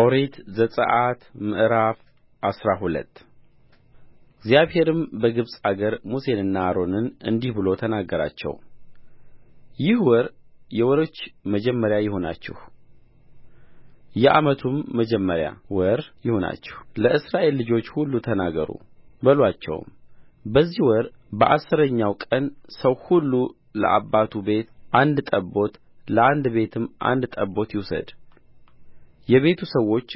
ኦሪት ዘጽአት ምዕራፍ አስራ ሁለት እግዚአብሔርም በግብፅ አገር ሙሴንና አሮንን እንዲህ ብሎ ተናገራቸው ይህ ወር የወሮች መጀመሪያ ይሁናችሁ የዓመቱም መጀመሪያ ወር ይሁናችሁ ለእስራኤል ልጆች ሁሉ ተናገሩ በሉአቸውም በዚህ ወር በአሥረኛው ቀን ሰው ሁሉ ለአባቱ ቤት አንድ ጠቦት ለአንድ ቤትም አንድ ጠቦት ይውሰድ የቤቱ ሰዎች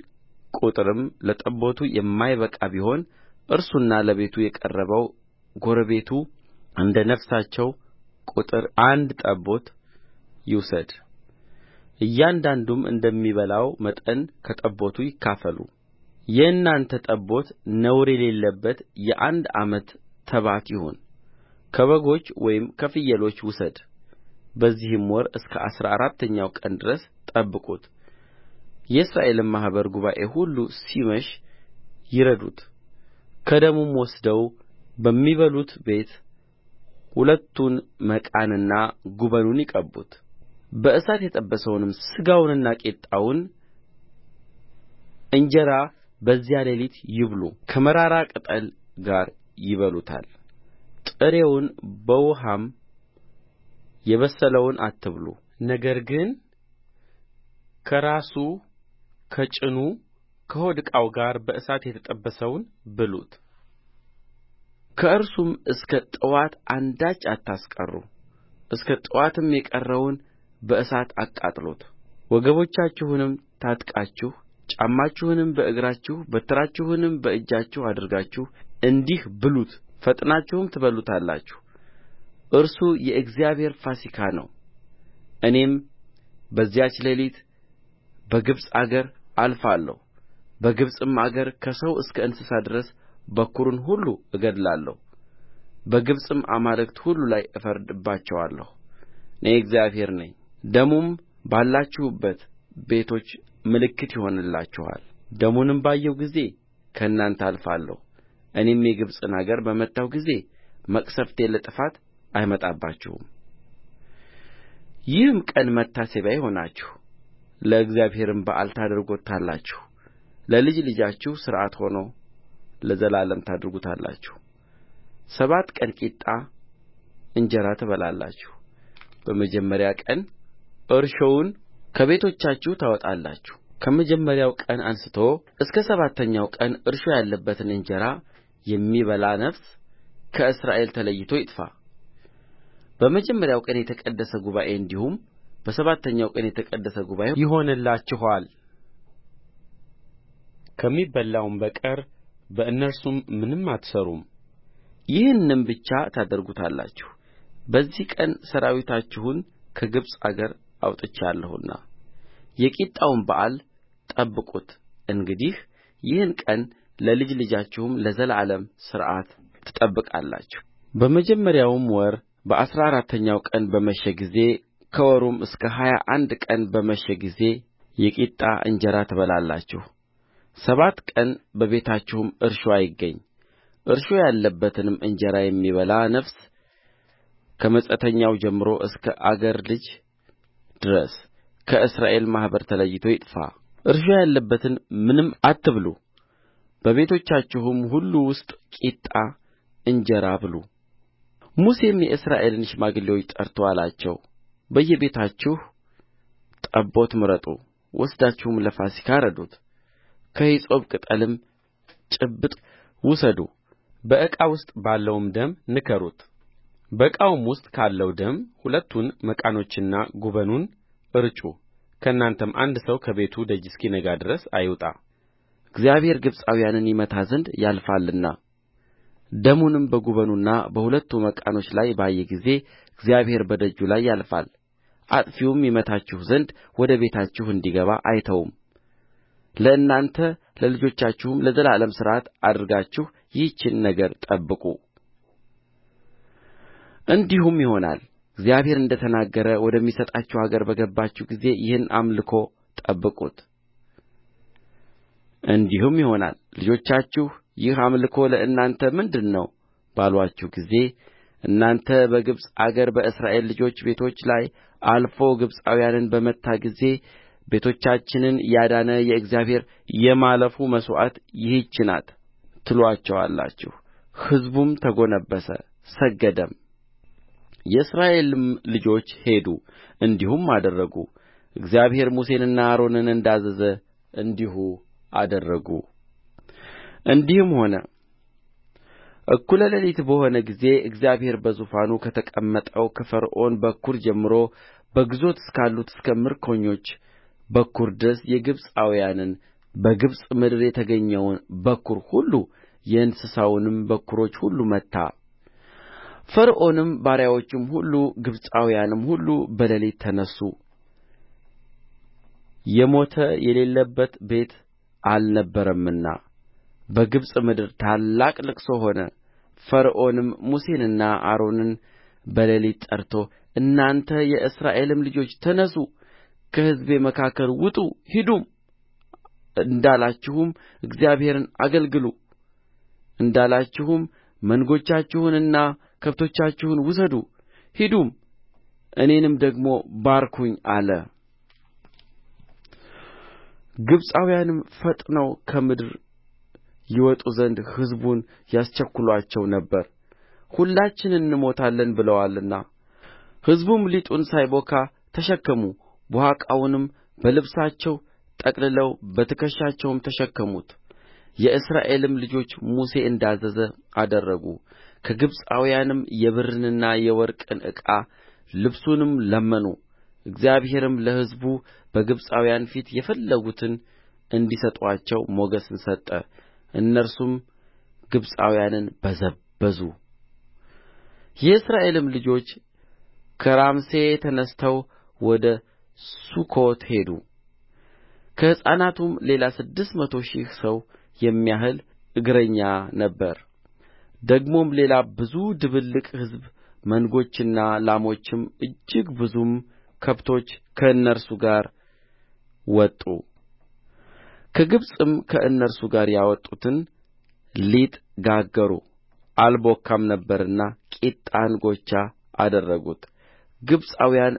ቍጥርም ለጠቦቱ የማይበቃ ቢሆን እርሱና ለቤቱ የቀረበው ጎረቤቱ እንደ ነፍሳቸው ቍጥር አንድ ጠቦት ይውሰድ እያንዳንዱም እንደሚበላው መጠን ከጠቦቱ ይካፈሉ የእናንተ ጠቦት ነውር የሌለበት የአንድ ዓመት ተባት ይሁን ከበጎች ወይም ከፍየሎች ውሰድ በዚህም ወር እስከ አሥራ አራተኛው ቀን ድረስ ጠብቁት የእስራኤልም ማኅበር ጉባኤ ሁሉ ሲመሽ ይረዱት ከደሙም ወስደው በሚበሉት ቤት ሁለቱን መቃንና ጉበኑን ይቅቡት በእሳት የተጠበሰውን ሥጋውንና ቂጣውን እንጀራ በዚያ ሌሊት ይብሉ ከመራራ ቅጠል ጋር ይበሉታል ጥሬውን በውኃም የበሰለውን አትብሉ ነገር ግን ከራሱ ከጭኑ ከሆድ ዕቃው ጋር በእሳት የተጠበሰውን ብሉት ከእርሱም እስከ ጥዋት አንዳች አታስቀሩ እስከ ጥዋትም የቀረውን በእሳት አቃጥሉት ወገቦቻችሁንም ታጥቃችሁ ጫማችሁንም በእግራችሁ በትራችሁንም በእጃችሁ አድርጋችሁ እንዲህ ብሉት ፈጥናችሁም ትበሉታላችሁ እርሱ የእግዚአብሔር ፋሲካ ነው እኔም በዚያች ሌሊት በግብፅ አገር አልፋለሁ በግብፅም አገር ከሰው እስከ እንስሳ ድረስ በኵርን ሁሉ እገድላለሁ በግብፅም አማልክት ሁሉ ላይ እፈርድባቸዋለሁ እኔ እግዚአብሔር ነኝ ደሙም ባላችሁበት ቤቶች ምልክት ይሆንላችኋል ደሙንም ባየሁ ጊዜ ከእናንተ አልፋለሁ እኔም የግብፅን አገር በመታሁ ጊዜ መቅሠፍቴ ለጥፋት አይመጣባችሁም ይህም ቀን መታሰቢያ ይሆናችሁ ለእግዚአብሔርም በዓል ታደርጉታላችሁ ለልጅ ልጃችሁ ሥርዓት ሆኖ ለዘላለም ታደርጉታላችሁ ሰባት ቀን ቂጣ እንጀራ ትበላላችሁ በመጀመሪያ ቀን እርሾውን ከቤቶቻችሁ ታወጣላችሁ ከመጀመሪያው ቀን አንሥቶ እስከ ሰባተኛው ቀን እርሾ ያለበትን እንጀራ የሚበላ ነፍስ ከእስራኤል ተለይቶ ይጥፋ በመጀመሪያው ቀን የተቀደሰ ጉባኤ እንዲሁም በሰባተኛው ቀን የተቀደሰ ጉባኤ ይሆንላችኋል ከሚበላውም በቀር በእነርሱም ምንም አትሠሩም ይህንም ብቻ ታደርጉታላችሁ በዚህ ቀን ሠራዊታችሁን ከግብፅ አገር አውጥቼአለሁና የቂጣውን በዓል ጠብቁት እንግዲህ ይህን ቀን ለልጅ ልጃችሁ ለዘላለም ሥርዓት ትጠብቃላችሁ በመጀመሪያውም ወር በአሥራ አራተኛው ቀን በመሸ ጊዜ ከወሩም እስከ ሀያ አንድ ቀን በመሸ ጊዜ የቂጣ እንጀራ ትበላላችሁ ሰባት ቀን በቤታችሁ እርሾ አይገኝ እርሾ ያለበትንም እንጀራ የሚበላ ነፍስ ከመጻተኛው ጀምሮ እስከ አገር ልጅ ድረስ ከእስራኤል ማኅበር ተለይቶ ይጥፋ እርሾ ያለበትን ምንም አትብሉ በቤቶቻችሁም ሁሉ ውስጥ ቂጣ እንጀራ ብሉ ሙሴም የእስራኤልን ሽማግሌዎች ጠርቶ አላቸው በየቤታችሁ ጠቦት ምረጡ ወስዳችሁም ለፋሲካ እረዱት ከሂሶጵ ቅጠልም ጭብጥ ውሰዱ በዕቃ ውስጥ ባለውም ደም ንከሩት በዕቃውም ውስጥ ካለው ደም ሁለቱን መቃኖችና ጉበኑን እርጩ ከእናንተም አንድ ሰው ከቤቱ ደጅ እስኪነጋ ድረስ አይውጣ እግዚአብሔር ግብፃውያንን ይመታ ዘንድ ያልፋልና ደሙንም በጉበኑና በሁለቱ መቃኖች ላይ ባየ ጊዜ እግዚአብሔር በደጁ ላይ ያልፋል አጥፊውም ይመታችሁ ዘንድ ወደ ቤታችሁ እንዲገባ አይተውም ለእናንተ ለልጆቻችሁም ለዘላለም ሥርዓት አድርጋችሁ ይህችን ነገር ጠብቁ እንዲሁም ይሆናል እግዚአብሔር እንደ ተናገረ ወደሚሰጣችሁ አገር በገባችሁ ጊዜ ይህን አምልኮ ጠብቁት እንዲሁም ይሆናል ልጆቻችሁ ይህ አምልኮ ለእናንተ ምንድር ነው ባሉአችሁ ጊዜ እናንተ በግብፅ አገር በእስራኤል ልጆች ቤቶች ላይ አልፎ ግብፃውያንን በመታ ጊዜ ቤቶቻችንን ያዳነ የእግዚአብሔር የማለፉ መሥዋዕት ይህች ናት ትሉአቸዋላችሁ ሕዝቡም ተጎነበሰ ሰገደም የእስራኤልም ልጆች ሄዱ እንዲሁም አደረጉ እግዚአብሔር ሙሴንና አሮንን እንዳዘዘ እንዲሁ አደረጉ እንዲህም ሆነ እኩል ሌሊት በሆነ ጊዜ እግዚአብሔር በዙፋኑ ከተቀመጠው ከፈርዖን በኵር ጀምሮ በግዞት እስካሉት እስከ ምርኮኞች በኵር ድረስ የግብፃውያንን በግብፅ ምድር የተገኘውን በኵር ሁሉ የእንስሳውንም በኵሮች ሁሉ መታ ፈርዖንም ባሪያዎቹም ሁሉ ግብፃውያንም ሁሉ በሌሊት ተነሡ የሞተ የሌለበት ቤት አልነበረምና በግብፅ ምድር ታላቅ ልቅሶ ሆነ ፈርዖንም ሙሴንና አሮንን በሌሊት ጠርቶ እናንተ የእስራኤልም ልጆች ተነሡ ከሕዝቤ መካከል ውጡ ሂዱም እንዳላችሁም እግዚአብሔርን አገልግሉ እንዳላችሁም መንጎቻችሁንና ከብቶቻችሁን ውሰዱ ሂዱም እኔንም ደግሞ ባርኩኝ አለ ግብፃውያንም ፈጥነው ከምድር ይወጡ ዘንድ ሕዝቡን ያስቸኵሉአቸው ነበር ሁላችን እንሞታለን ብለዋልና ሕዝቡም ሊጡን ሳይቦካ ተሸከሙ ቡሃቃውንም በልብሳቸው ጠቅልለው በትከሻቸውም ተሸከሙት የእስራኤልም ልጆች ሙሴ እንዳዘዘ አደረጉ ከግብፃውያንም የብርንና የወርቅን ዕቃ ልብሱንም ለመኑ እግዚአብሔርም ለሕዝቡ በግብፃውያን ፊት የፈለጉትን እንዲሰጡአቸው ሞገስን ሰጠ እነርሱም ግብፃውያንን በዘበዙ የእስራኤልም ልጆች ከራምሴ ተነሥተው ወደ ሱኮት ሄዱ ከሕፃናቱም ሌላ ስድስት መቶ ሺህ ሰው የሚያህል እግረኛ ነበረ ደግሞም ሌላ ብዙ ድብልቅ ሕዝብ መንጎችና ላሞችም እጅግ ብዙም ከብቶች ከእነርሱ ጋር ወጡ ከግብፅም ከእነርሱ ጋር ያወጡትን ሊጥ ጋገሩ አልቦካም ነበርና ቂጣ እንጎቻ አደረጉት ግብፃውያን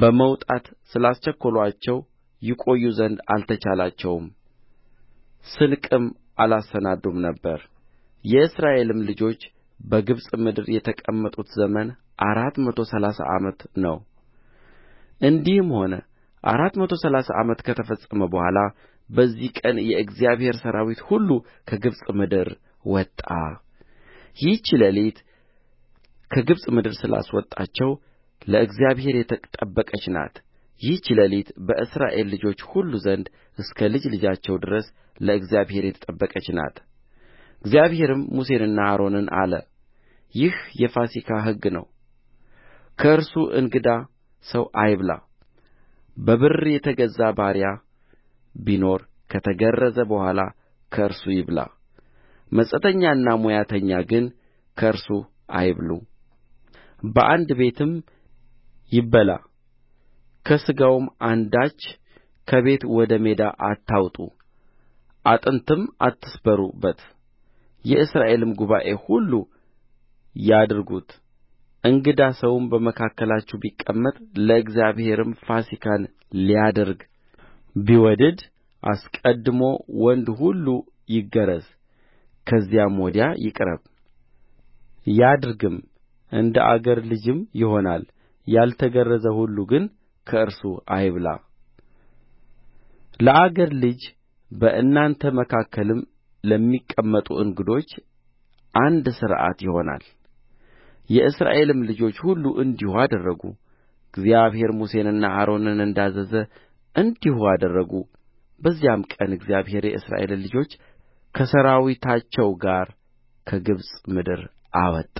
በመውጣት ስላስቸኰሉአቸው ይቆዩ ዘንድ አልተቻላቸውም ስንቅም አላሰናዱም ነበር የእስራኤልም ልጆች በግብፅ ምድር የተቀመጡት ዘመን አራት መቶ ሠላሳ ዓመት ነው እንዲህም ሆነ አራት መቶ ሠላሳ ዓመት ከተፈጸመ በኋላ በዚህ ቀን የእግዚአብሔር ሠራዊት ሁሉ ከግብፅ ምድር ወጣ ይህች ሌሊት ከግብፅ ምድር ስላስወጣቸው ለእግዚአብሔር የተጠበቀች ናት ይህች ሌሊት በእስራኤል ልጆች ሁሉ ዘንድ እስከ ልጅ ልጃቸው ድረስ ለእግዚአብሔር የተጠበቀች ናት እግዚአብሔርም ሙሴንና አሮንን አለ ይህ የፋሲካ ሕግ ነው ከእርሱ እንግዳ ሰው አይብላ በብር የተገዛ ባሪያ ቢኖር ከተገረዘ በኋላ ከእርሱ ይብላ መጻተኛና ሞያተኛ ግን ከእርሱ አይብሉ በአንድ ቤትም ይበላ ከሥጋውም አንዳች ከቤት ወደ ሜዳ አታውጡ አጥንትም አትስበሩበት የእስራኤልም ጉባኤ ሁሉ ያድርጉት እንግዳ ሰውም በመካከላችሁ ቢቀመጥ ለእግዚአብሔርም ፋሲካን ሊያደርግ ቢወድድ አስቀድሞ ወንድ ሁሉ ይገረዝ ከዚያም ወዲያ ይቅረብ ያድርግም እንደ አገር ልጅም ይሆናል ያልተገረዘ ሁሉ ግን ከእርሱ አይብላ ለአገር ልጅ በእናንተ መካከልም ለሚቀመጡ እንግዶች አንድ ሥርዓት ይሆናል የእስራኤልም ልጆች ሁሉ እንዲሁ አደረጉ እግዚአብሔር ሙሴንና አሮንን እንዳዘዘ እንዲሁ አደረጉ በዚያም ቀን እግዚአብሔር የእስራኤልን ልጆች ከሠራዊታቸው ጋር ከግብፅ ምድር አወጣ